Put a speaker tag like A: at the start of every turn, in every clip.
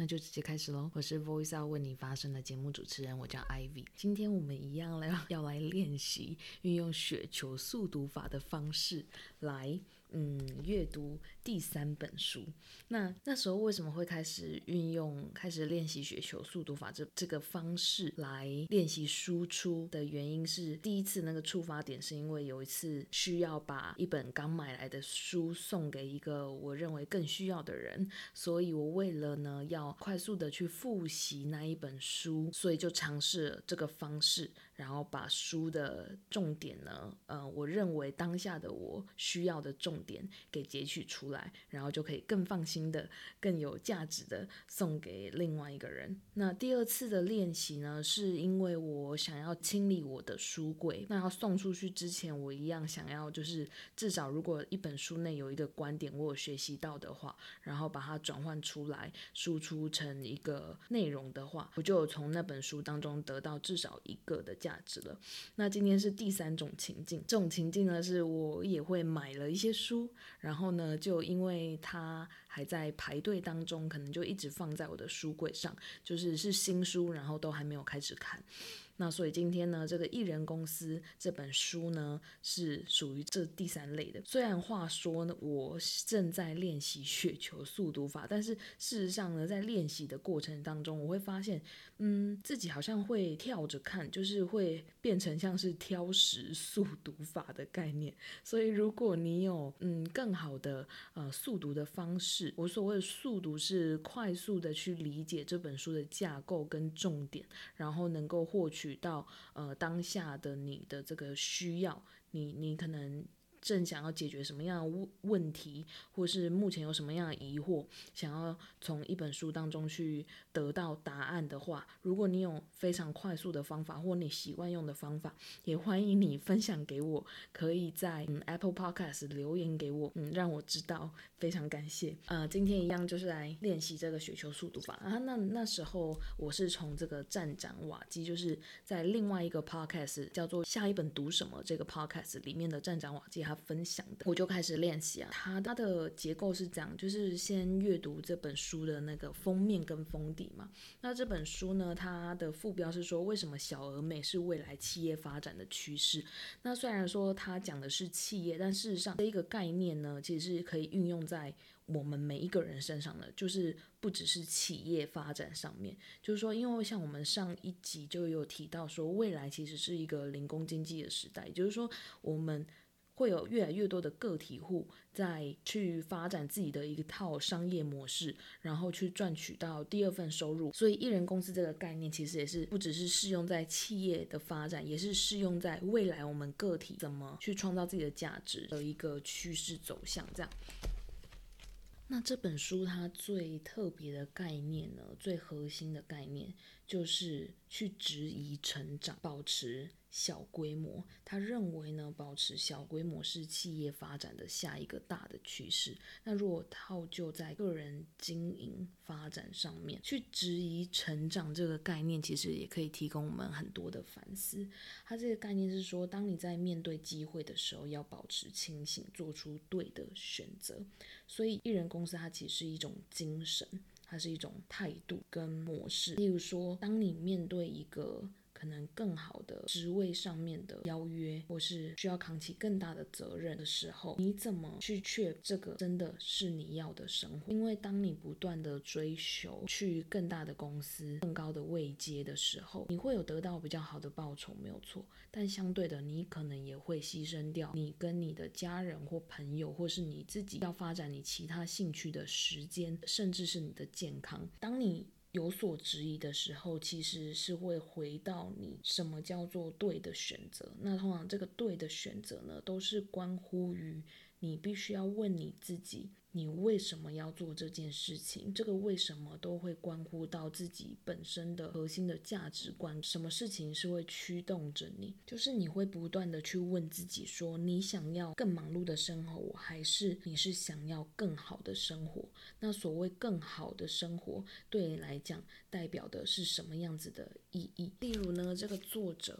A: 那就直接開始嘍！我是 Voice Out 要為你發聲的節目主持人，我叫 Ivy。今天我們一樣來要來練習運用雪球速讀法的方式來。嗯，閱讀第三本書，那那時候為什麼會開始運用、開始練習雪球速讀法這這個方式來練習輸出的原因是，第一次那個出發點是因為有一次需要把一本剛買來的書送給一個我認為更需要的人，所以我為了呢要快速的去復習那一本書，所以就嘗試了這個方式，然後把書的重點呢，嗯、呃，我認為當下的我需要的重。點給截取出來，然後就可以更放心的、更有價值的送給另外一個人。那第二次的練習呢，是因為我想要清理我的書櫃，那要送出去之前，我一樣想要，就是至少如果一本書內有一個觀點，我有學習到的話，然後把它轉換出來，輸出成一個內容的話，我就有從那本書當中得到至少一個的價值了。那今天是第三種情境，這種情境呢，是我也會買了一些書。書，然後呢，就因為他，還在排隊當中，可能就一直放在我的書櫃上，就是是新書，然後都還沒有開始看。那所以今天呢，這個一人公司這本書呢，是屬於這第三類的。雖然話說呢，我正在練習雪球速讀法，但是事實上呢，在練習的過程當中，我會發現，嗯，自己好像會跳着看，就是會變成像是挑食速讀法的概念。所以如果你有嗯更好的呃速讀的方式，我所謂的速讀是快速的去理解這本書的架構跟重點，然後能夠獲取到呃當下的你的這個需要，你你可能，正想要解決什麼樣的問問題，或是目前有什麼樣的疑惑，想要從一本書當中去得到答案的話，如果你有非常快速的方法，或你習慣用的方法，也歡迎你分享給我，可以在、嗯、Apple Podcast 留言給我，嗯，讓我知道，非常感謝。呃，今天一樣就是來練習這個雪球速讀法啊。那那時候我是從這個站長瓦基，就是在另外一個 Podcast 叫做《下一本讀什麼》這個 Podcast 裡面的站長瓦基。分享的我就開始練習啊，它的它的結構是這樣，就是先閱讀這本書的那個封面跟封底嘛。那這本書呢，它的副標是說，為什麼小而美是未來企業發展的趨勢。那雖然說它講的是企業，但事實上這一個概念呢，其實是可以運用在我們每一個人身上的，就是不只是企業發展上面。就是說，因為像我們上一集就有提到說，未來其實是一個零工經濟的時代，也就是說我們。會有越來越多的個體戶在去發展自己的一套商業模式，然後去賺取到第二份收入。所以，一人公司這個概念其實也是不只是適用在企業的發展，也是適用在未來我們個體怎麼去創造自己的價值的一個趨勢走向。這樣，那這本書它最特別的概念呢，最核心的概念就是去質疑成長，保持。小規模，他認為呢，保持小規模是企業發展的下一個大的趨勢。那如果套就在個人經營發展上面，去質疑成長這個概念，其實也可以提供我們很多的反思。它這個概念是說，當你在面對機會的時候，要保持清醒，做出對的選擇。所以，一人公司它其實是一種精神，它是一種態度跟模式。例如說，當你面對一個。可能更好的職位上面的邀約，或是需要扛起更大的責任的時候，你怎麼去確保這個真的是你要的生活？因為當你不斷的追求去更大的公司、更高的位階的時候，你會有得到比較好的報酬，沒有錯。但相對的，你可能也會犧牲掉你跟你的家人或朋友，或是你自己要發展你其他興趣的時間，甚至是你的健康。當你有所質疑的時候，其實是會回到你什麼叫做對的選擇。那通常這個對的選擇呢，都是關乎於你必須要問你自己。你為什麼要做這件事情？這個為什麼都會關乎到自己本身的核心的價值觀。什麼事情是會驅動着你？就是你會不斷的去問自己，說你想要更忙碌的生活，還是你是想要更好的生活？那所謂更好的生活，對你來講代表的是什麼樣子的意義？例如呢，這個作者。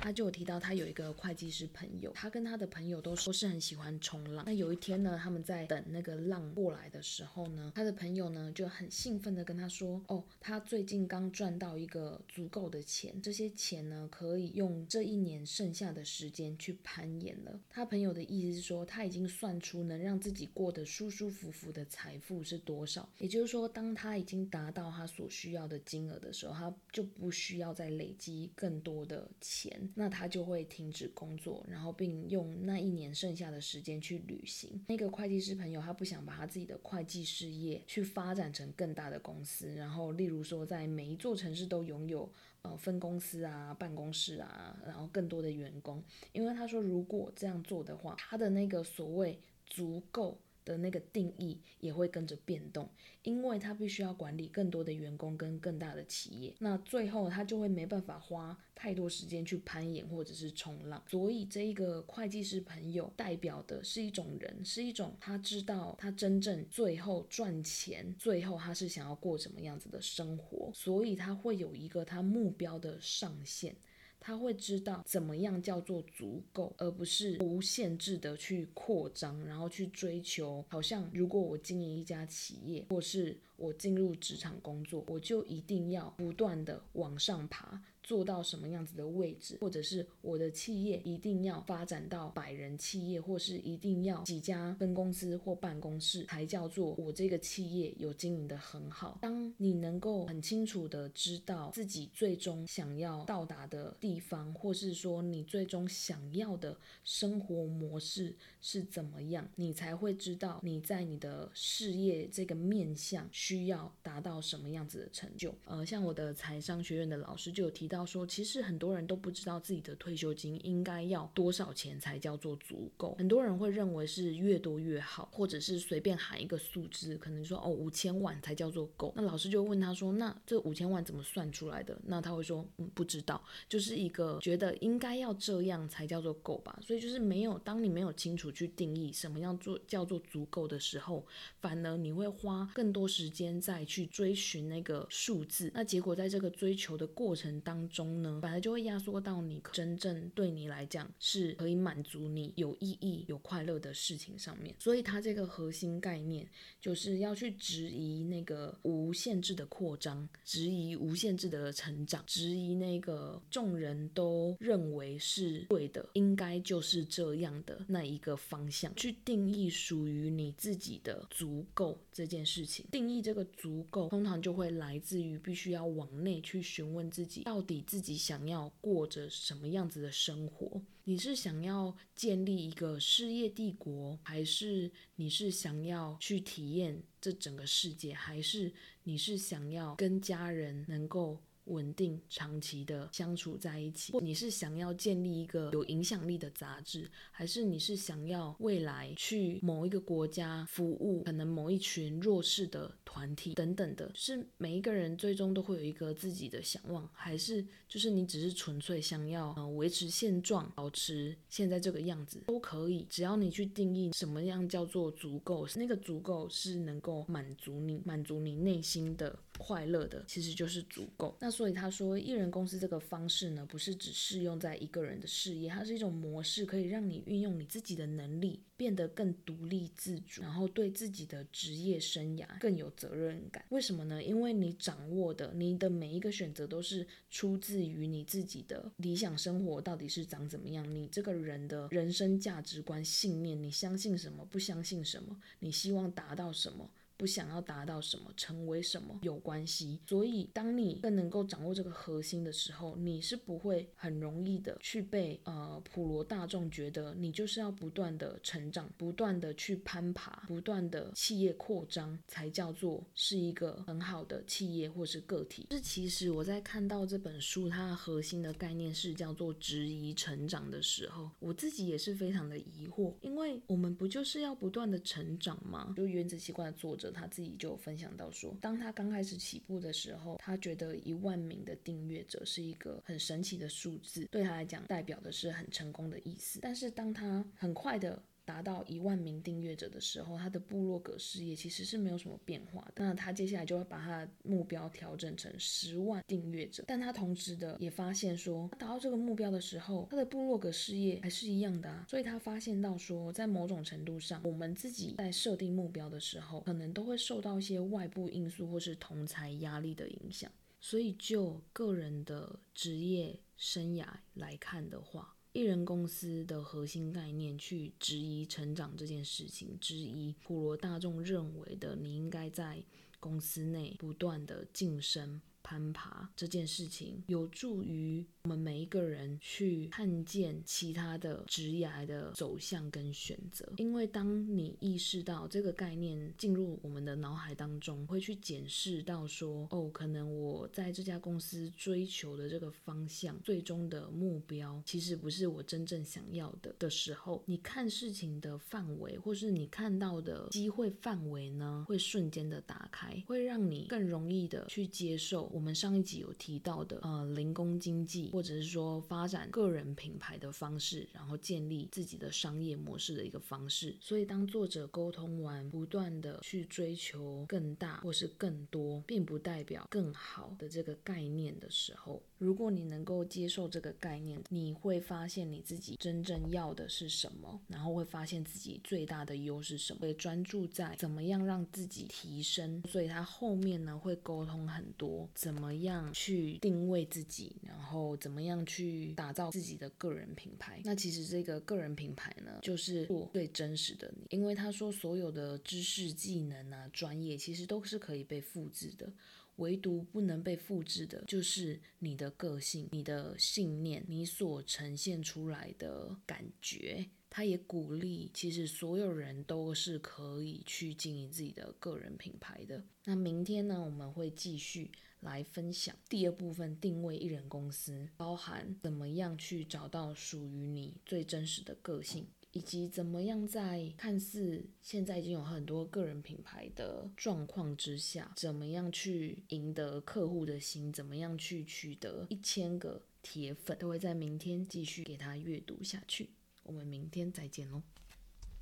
A: 他就有提到，他有一個會計師朋友，他跟他的朋友都說是很喜歡衝浪。那有一天呢，他們在等那個浪過來的時候呢，他的朋友呢就很興奮的跟他說：“哦，他最近剛賺到一個足夠的錢，這些錢呢可以用這一年剩下的時間去攀岩了。”他朋友的意思是說，他已經算出能讓自己過得舒舒服服的財富是多少。也就是說，當他已經達到他所需要的金額的時候，他就不需要再累積更多的錢。那他就會停止工作，然後並用那一年剩下的時間去旅行。那個會計師朋友，他不想把他自己的會計事業去發展成更大的公司，然後例如說在每一座城市都擁有，呃，分公司啊、辦公室啊，然後更多的員工，因為他說如果這樣做的話，他的那個所謂足夠。的那個定義也會跟着變動，因為他必須要管理更多的員工跟更大的企業，那最後他就會沒辦法花太多時間去攀岩或者是衝浪。所以這一個會計師朋友代表的是一種人，是一種他知道他真正最後賺錢，最後他是想要過什麼樣子的生活，所以他會有一個他目標的上限。他會知道怎麼樣叫做足夠，而不是無限制的去擴張，然後去追求。好像如果我經營一家企業，或是我進入職場工作，我就一定要不斷的往上爬。做到什麼樣子的位置，或者是我的企業一定要發展到百人企業，或是一定要幾家分公司或辦公室，才叫做我這個企業有經營的很好。當你能夠很清楚的知道自己最終想要到達的地方，或是說你最終想要的生活模式是怎麼樣，你才會知道你在你的事業這個面向需要達到什麼樣子的成就。呃，像我的財商學院的老師就有提到。要說，其實很多人都不知道自己的退休金應該要多少錢才叫做足夠。很多人會認為是越多越好，或者是隨便喊一個數字，可能說哦，五千萬才叫做夠。那老師就問他說，那這五千萬怎麼算出來的？那他會說，嗯，不知道，就是一個覺得應該要這樣才叫做夠吧。所以就是沒有，當你沒有清楚去定義什麼樣做叫做足夠的時候，反而你會花更多時間再去追尋那個數字。那結果在這個追求的過程當中。中呢，本來就會壓縮到你真正對你來講是可以滿足你有意義、有快樂的事情上面。所以它這個核心概念就是要去質疑那個無限制的擴張，質疑無限制的成長，質疑那個眾人都認為是對的、應該就是這樣的那一個方向，去定義屬於你自己的足夠這件事情。定義這個足夠，通常就會來自於必須要往內去詢問自己到底。你自己想要過着什麼樣子的生活？你是想要建立一個事業帝國？還是你是想要去體驗這整個世界？還是你是想要跟家人能夠穩定長期的相處在一起，或你是想要建立一個有影響力的雜誌，還是你是想要未來去某一個國家服務，可能某一群弱勢的團體等等的，是每一個人最終都會有一個自己的想望，還是就是你只是純粹想要呃維持現狀，保持現在這個樣子都可以，只要你去定義什麼樣叫做足夠，那個足夠是能夠滿足你滿足你內心的。快樂的其實就是足夠。那所以他說，一人公司這個方式呢，不是只適用在一個人的事業，它是一種模式，可以讓你運用你自己的能力，變得更獨立自主，然後對自己的職業生涯更有責任感。為什麼呢？因為你掌握的，你的每一個選擇都是出自於你自己的理想生活到底是長怎麼樣，你這個人的人生價值觀、信念，你相信什麼，不相信什麼，你希望達到什麼。不想要達到什麼，成為什麼有關係，所以當你更能夠掌握這個核心的時候，你是不會很容易的去被呃普羅大眾覺得你就是要不斷的成長，不斷的去攀爬，不斷的企業擴張才叫做是一個很好的企業或是個體。這其實我在看到這本書它核心的概念是叫做質疑成長的時候，我自己也是非常的疑惑，因為我們不就是要不斷的成長嗎？就原子習慣的作者。他自己就分享到說，當他剛開始起步的時候，他覺得一萬名的訂閱者是一個很神奇的數字，對他來講代表的是很成功的意思。但是當他很快的。達到一萬名訂閱者的時候，他的部落格事業其實是沒有什麼變化的。那他接下來就會把他的目標調整成十萬訂閱者，但他同時的也發現說，他達到這個目標的時候，他的部落格事業還是一樣的啊。所以他發現到說，在某種程度上，我們自己在設定目標的時候，可能都會受到一些外部因素或是同儕壓力的影響。所以就個人的職業生涯來看的話，一人公司的核心概念，去質疑成長這件事情，之一。普羅大眾認為的你應該在公司內不斷的晉升。攀爬這件事情有助於我們每一個人去看見其他的職涯的走向跟選擇，因為當你意識到這個概念進入我們的腦海當中，會去檢視到說，哦，可能我在這家公司追求的這個方向，最終的目標其實不是我真正想要的的時候，你看事情的範圍，或是你看到的機會範圍呢，會瞬間的打開，會讓你更容易的去接受。我們上一集有提到的，呃，零工經濟，或者是說發展個人品牌的方式，然後建立自己的商業模式的一個方式。所以，當作者溝通完，不斷的去追求更大或是更多，並不代表更好的這個概念的時候，如果你能夠接受這個概念，你會發現你自己真正要的是什麼，然後會發現自己最大的優勢是什麼，會專注在怎麼樣讓自己提升。所以，他後面呢會溝通很多。怎麼樣去定位自己，然後怎麼樣去打造自己的個人品牌？那其實這個個人品牌呢，就是我最真實的你。因為他說，所有的知識、技能啊、專業，其實都是可以被複製的，唯獨不能被複製的就是你的個性、你的信念、你所呈現出來的感覺。他也鼓勵，其實所有人都是可以去經營自己的個人品牌的。那明天呢，我們會繼續。來分享第二部分，定位一人公司，包含怎麼樣去找到屬於你最真實的個性，以及怎麼樣在看似現在已經有很多個人品牌的狀況之下，怎麼樣去贏得客戶的心，怎麼樣去取得一千個鐵粉，都會在明天繼續給他閱讀下去。我們明天再見嘍。